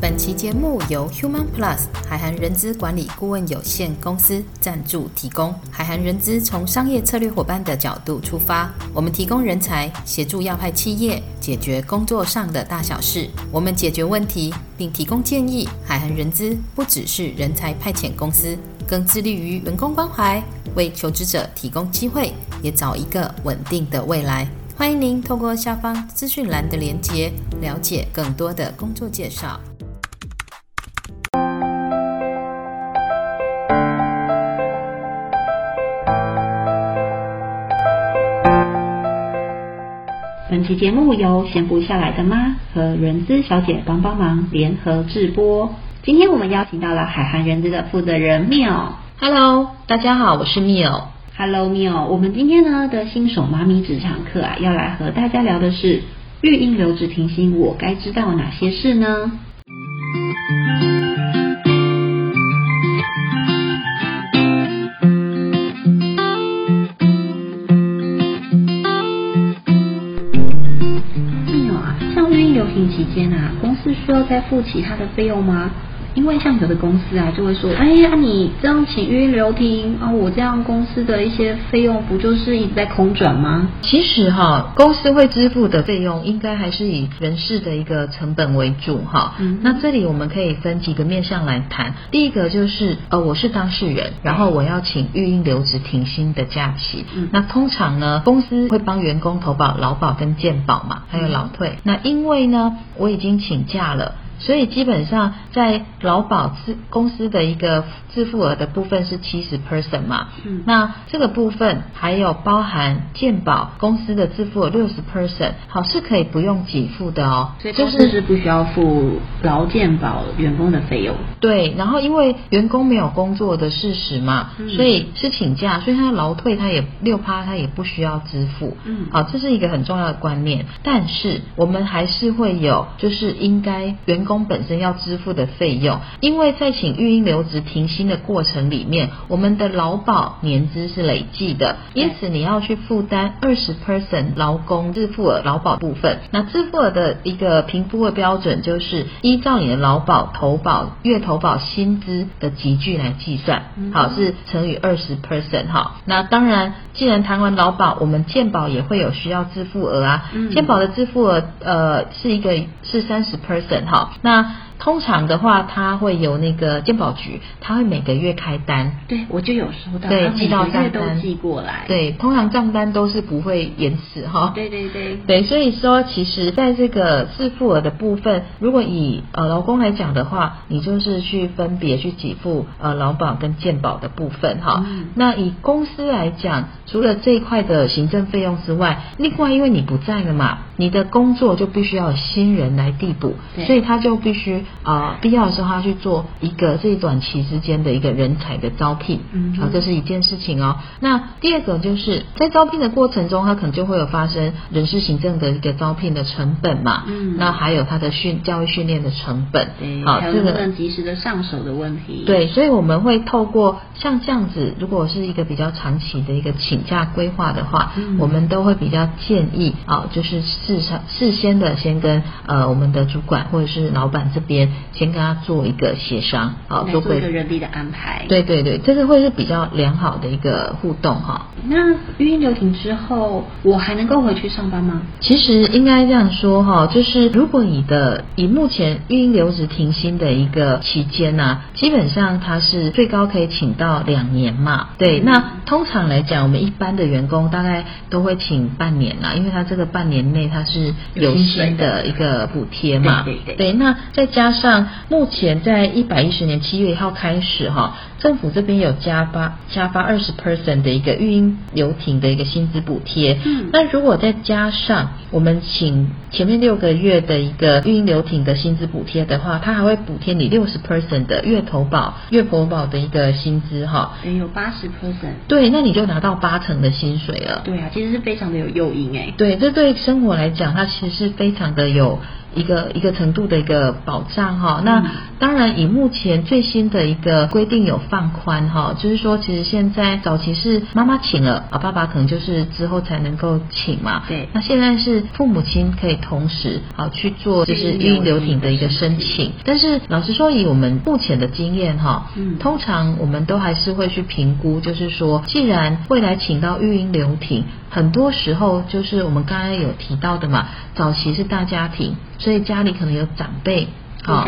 本期節目由 Human Plus 海涵人資管理顧問有限公司贊助提供。海涵人資從商業策略夥伴的角度出發，我們提供人才協助要派企業解決工作上的大小事。我們解決問題並提供建議。海涵人資不只是人才派遣公司，更致力於員工關懷，為求職者提供機會，也找一個穩定的未來。歡迎您透過下方資訊欄的鏈接，了解更多的工作介紹。節目由閒不下來的媽和人資小姐幫幫忙聯合制播。今天我們邀請到了海涵人資的負責人繆。Hello，大家好，我是繆。Hello，繆。我們今天呢的新手媽咪職場課啊，要來和大家聊的是育嬰留職停薪，我該知道哪些事呢？期間啊，公司需要再付其他的費用嗎？因為像有的公司啊，就會說，哎呀，你這樣請育嬰留停啊、哦，我這樣公司的一些費用不就是一直在空轉嗎？其實哈，公司會支付的費用，應該還是以人事的一個成本為主哈。嗯，嗯。那這裡我們可以分幾個面向來談。第一個就是，呃、哦，我是當事人，然後我要請育嬰留職停薪的假期。嗯。那通常呢，公司會幫員工投保勞保跟健保嘛，還有勞退、嗯。那因為呢，我已經請假了。所以基本上在勞保支公司的一個自付額的部分是七十 percent 嘛、嗯，那這個部分還有包含健保公司的自付額六十 percent 好，是可以不用給付的哦，就是是不需要付勞健保員工的費用，就是。對，然後因為員工沒有工作的事實嘛，所以是請假，所以他勞退他也六趴他也不需要支付。嗯，好，這是一個很重要的觀念，但是我們還是會有就是應該員工工本身要支付的費用，因為在請育嬰留職停薪的過程裡面，我們的勞保年資是累計的，因此你要去負擔二十 percent 勞工支付額，勞保部分。那支付額的一個評估的標準就是依照你的勞保投保月投保薪資的積聚來計算，好，是乘以二十 percent 哈。那當然，既然談完勞保，我們健保也會有需要支付額啊。嗯，健保的支付額呃是一個是三十 percent 哈。好那。通常的話，他會有那個健保局，他會每個月開單。對，我就有收到。對，寄到賬單。寄過來。對，通常賬單都是不會延遲哈。對，對對對。對，所以說，其實在這個自付額的部分，如果以呃勞工來講的話，你就是去分別去給付呃勞保跟健保跟健保的部分哈、嗯。那以公司來講，除了這一塊的行政費用之外，另外因為你不在了嘛，你的工作就必須要有新人來遞補，所以他就必須。啊、呃，必要的時候他要去做一個這一短期之間的一個人才的招聘，嗯，啊，這是一件事情哦。那第二個就是在招聘的過程中，他可能就會有發生人事行政的一個招聘的成本嘛，嗯，那還有他的訓，教育訓練的成本，對，呃、還有這個能及時的上手的問題、這個，對，所以我們會透過像這樣子，如果是一個比較長期的一個請假規劃的話，嗯、我們都會比較建議啊、呃，就是事事先的先跟呃我們的主管或者是老闆這邊。先跟他做一個協商，好，做一個人力的安排。對對對，這個會是比較良好的一個互動哈。那育嬰留停之後，我還能夠回去上班嗎？其實應該這樣說哈，就是如果你的以目前育嬰留職停薪的一個期間呢、啊，基本上他是最高可以請到兩年嘛。對，嗯、那通常來講，我們一般的員工大概都會請半年啊，因為他這個半年內他是有薪的一個補貼嘛。對對對。對，那再加。加上目前在一百一十年七月一號開始哈，政府這邊有加發加發二十 percent 的一個育嬰留停的一個薪資補貼。嗯，那如果再加上我們請前面六個月的一個育嬰留停的薪資補貼的話，它還會補貼你六十 percent 的月投保月投保的一個薪資哈、嗯。有八十 percent。對，那你就拿到八成的薪水了。對啊，其實是非常的有誘因誒、欸，對，這對生活來講，它其實是非常的有。一個一個程度的一個保障哈，那當然以目前最新的一個規定有放寬哈，就是說其實現在早期是媽媽請了啊，爸爸可能就是之後才能夠請嘛。對。那現在是父母親可以同時好去做就是育嬰留停的一個申請，但是老實說以我們目前的經驗哈，通常我們都還是會去評估，就是說既然未來請到育嬰留停很多時候就是我們剛剛有提到的嘛，早期是大家庭，所以家裡可能有長輩。啊，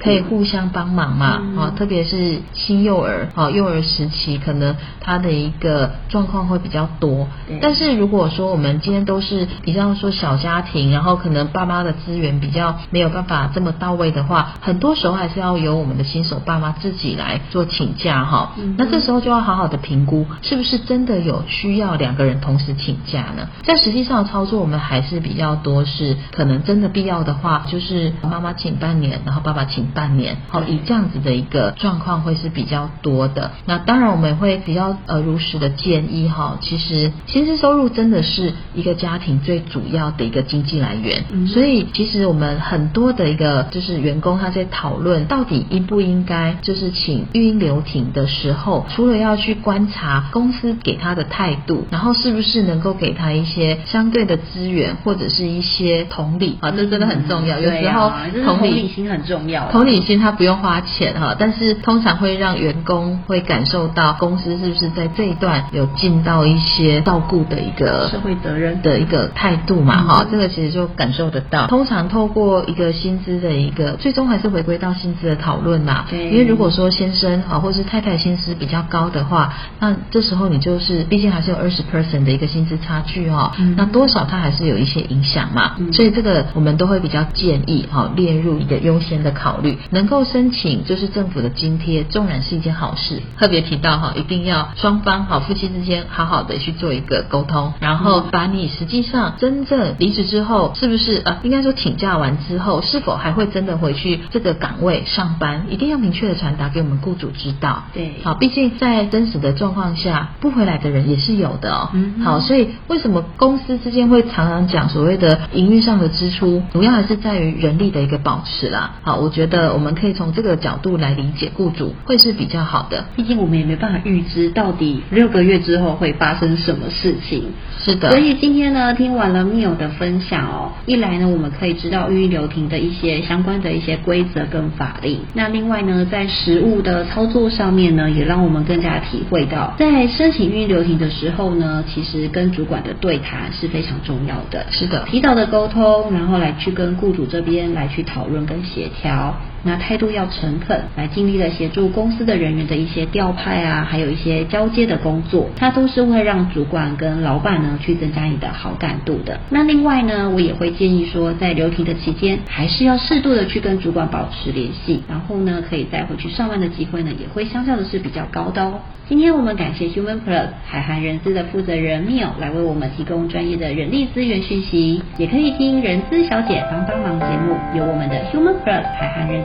可以互相幫忙嘛。啊、嗯，特別是嬰幼兒，啊，幼兒時期可能他的一個狀況會比較多。嗯、但是如果說我們今天都是，比方說小家庭，然後可能爸媽的資源比較沒有辦法這麼到位的話，很多時候還是要由我們的新手爸媽自己來做請假哈、嗯。那這時候就要好好的評估，是不是真的有需要兩個人同時請假呢？在實際上操作，我們還是比較多是可能真的必要的話，就是媽媽請半年。然後爸爸請半年，好，以這樣子的一個狀況會是比較多的。那當然，我們也會比較呃如實的建議哈。其實薪資收入真的是一個家庭最主要的一個經濟來源。嗯，所以其實我們很多的一個就是員工他在討論到底應不應該就是請育嬰留停的時候，除了要去觀察公司給他的態度，然後是不是能夠給他一些相對的資源或者是一些同理啊，這真的很重要。有時候同理，就是同理很重要，同理心，他不用花錢哈，但是通常會讓員工會感受到公司是不是在這一段有盡到一些照顧的一個社會責任的一個態度嘛哈、嗯，這個其實就感受得到。通常透過一個薪資的一個，最終還是回歸到薪資的討論嘛。對、嗯，因為如果說先生啊，或是太太薪資比較高的話，那這時候你就是畢竟還是有二十 percent 的一個薪資差距哈、哦嗯，那多少他還是有一些影響嘛。嗯、所以這個我們都會比較建議哈、哦，列入一個優。優先的考慮能夠申請就是政府的津貼，縱然是一件好事。特別提到哈，一定要雙方好夫妻之間好好的去做一個溝通，然後把你實際上真正離職之後是不是啊，呃，應該說請假完之後，是否還會真的回去這個崗位上班？一定要明確的傳達給我們雇主知道。對，好，畢竟在真實的狀況下，不回來的人也是有的哦。嗯，好，所以為什麼公司之間會常常講所謂的營運上的支出，主要還是在於人力的一個保持啦。好，我覺得我們可以從這個角度來理解雇主會是比較好的，畢竟我們也沒辦法預知到底六個月之後會發生什麼事情。是的，所以今天呢，聽完了密友的分享哦，一來呢，我們可以知道育嬰留停的一些相關的一些規則跟法令；那另外呢，在實務的操作上面呢，也讓我們更加體會到，在申請育嬰留停的時候呢，其實跟主管的對談是非常重要的。是的，提早的溝通，然後來去跟雇主這邊來去討論跟。協調。那態度要誠懇，來盡力的協助公司的人員的一些調派啊，還有一些交接的工作，它都是會讓主管跟老闆呢去增加你的好感度的。那另外呢，我也會建議說，在留停的期間，還是要適度的去跟主管保持聯繫，然後呢，可以再回去上班的機會呢，也會相較的是比較高的哦。今天我們感謝 Human Plus 海涵人資的負責人繆來為我們提供專業的人力資源訊息，也可以聽人資小姐幫幫忙節目，由我們的 Human Plus 海涵人。